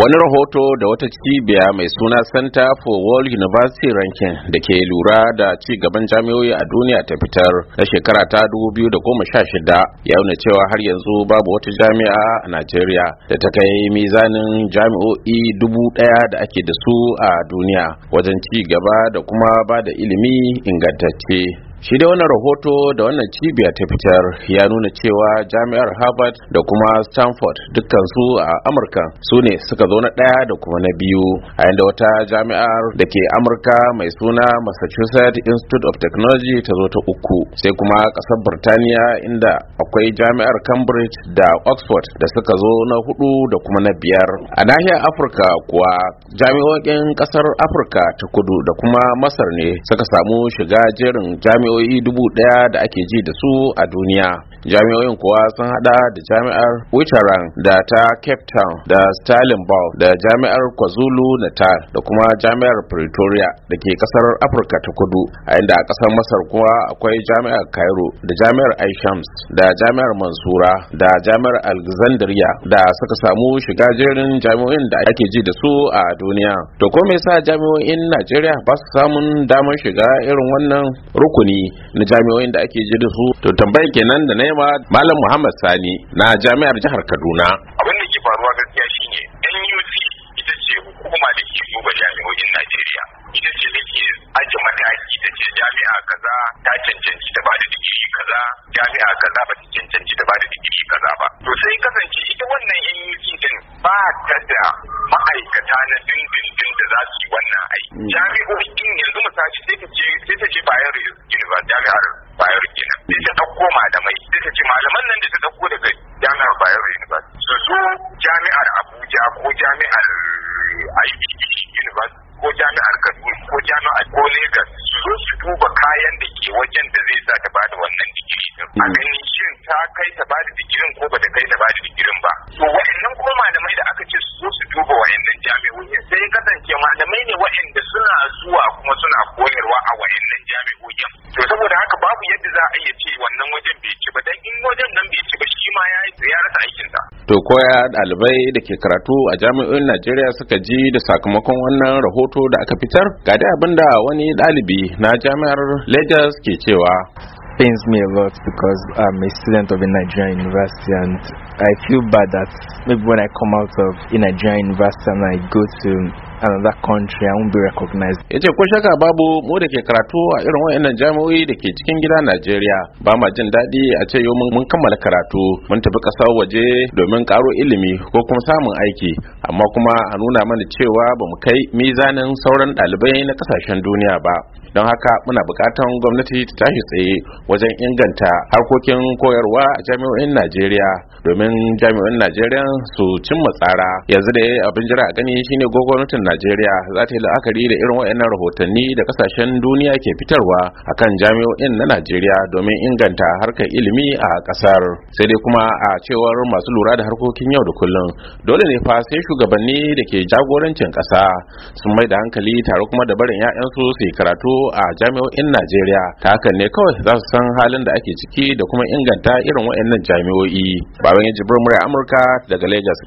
wani rahoto da wata cibiya mai suna center for world university ranking da ke lura da ci gaban jami'o'i a duniya ta fitar na shekara ta 2016 ya nuna cewa har yanzu babu wata jami'a a najeriya da ta kai mizanin jami'o'i dubu daya da ake da su a duniya wajen ci gaba da kuma ba da ilimi ingantacce shi da wannan rahoto da wannan cibiya ta fitar ya nuna cewa jami'ar harvard da kuma stanford dukkansu a amurka su ne suka zo na ɗaya da kuma na biyu a yadda wata jami'ar da ke amurka mai suna massachusetts institute of technology ta zo ta uku sai kuma kasar birtaniya inda akwai jami'ar cambridge da oxford da suka zo na hudu da kuma na biyar a nahiyar afirka kuwa jami'o'in kasar afirka ta kudu da kuma masar ne suka samu shiga jerin jami'o. miliyoyi dubu ɗaya da ake ji da su a duniya jami'o'in kuwa sun hada da jami'ar wicharan da ta cape town da stalinball da jami'ar kwazulu natal da kuma jami'ar pretoria da ke kasar afirka ta kudu a inda a kasar masar kuma akwai jami'ar cairo da jami'ar aishams da jami'ar mansura da jami'ar alexandria da suka samu shiga jerin jami'o'in da ake ji da su a duniya to ko me yasa jami'o'in najeriya ba su samun damar shiga irin wannan rukuni na jami'o'in da ake ji da su to tambayar kenan da na ma Malam Muhammad Sani na jami'ar jihar Kaduna. Abin da ke faruwa gaskiya shine NUC ita ce hukuma da ke duba jami'o'in Najeriya. Ita ce da ke aje mataki da ce jami'a kaza ta cancanci ta ba da digiri kaza, jami'a kaza ba ta cancanci ta ba da digiri kaza ba. To sai kasance ita wannan NUC din ba ta da ma'aikata na dindindin da za su yi wannan aiki. Mm. Jami'o'in yanzu misali sai ta je Bayero University, jami'ar Bayero kenan. Sai ta ɗauko malamai Abuja ko jami'ar IBE eh, University ko jami'ar Kaduna ko jami'ar ko Lagos su zo su duba kayan da ke wajen da zai sa ta ba da wannan digiri A hmm. gani shin ta kai ta ba da digirin ko ba ta kai ta ba da digirin ba. To wa'annan kuma malamai da aka ce su zo su duba wa'annan jami'o'i sai kasance malamai ne wa'anda suna zuwa kuma suna koyarwa a wa'annan jami'o'i. To saboda haka babu yadda za a iya ce wannan wajen to koya ɗalibai da ke karatu a jami'o'in najeriya suka ji da sakamakon wannan rahoto da aka fitar ga dai abin da wani ɗalibi na jami'ar lagos ke cewa pains me a lot because I'm a student of a Nigerian university and I feel bad that maybe when I come out of a Nigerian university and I go to another country and won't be recognized. Ya ko shaka babu mu da ke karatu a irin wayannan jami'o'i da ke cikin gida Najeriya ba ma jin daɗi a ce yau mun kammala karatu mun tafi ƙasar waje domin ƙaro ilimi ko kuma samun aiki amma kuma a nuna mana cewa ba mu kai mizanin sauran ɗalibai na ƙasashen duniya ba. Don haka muna buƙatan gwamnati ta tashi tsaye wajen inganta harkokin koyarwa a jami'o'in Najeriya. domin jami'an najeriya su cimma tsara yanzu da abin jira a gani shine gwamnatin najeriya za ta yi la'akari da irin waɗannan rahotanni da kasashen duniya ke fitarwa akan jami'o'in na najeriya domin inganta harkar ilimi a kasar sai dai kuma a cewar masu lura da harkokin yau da kullum dole ne fa sai shugabanni da ke jagorancin ƙasa sun mai da hankali tare kuma da barin 'ya'yansu su yi karatu a jami'o'in najeriya ta hakan ne kawai za su san halin da ake ciki da kuma inganta irin waɗannan jami'o'i ba taron ya jibrin murya amurka daga lagos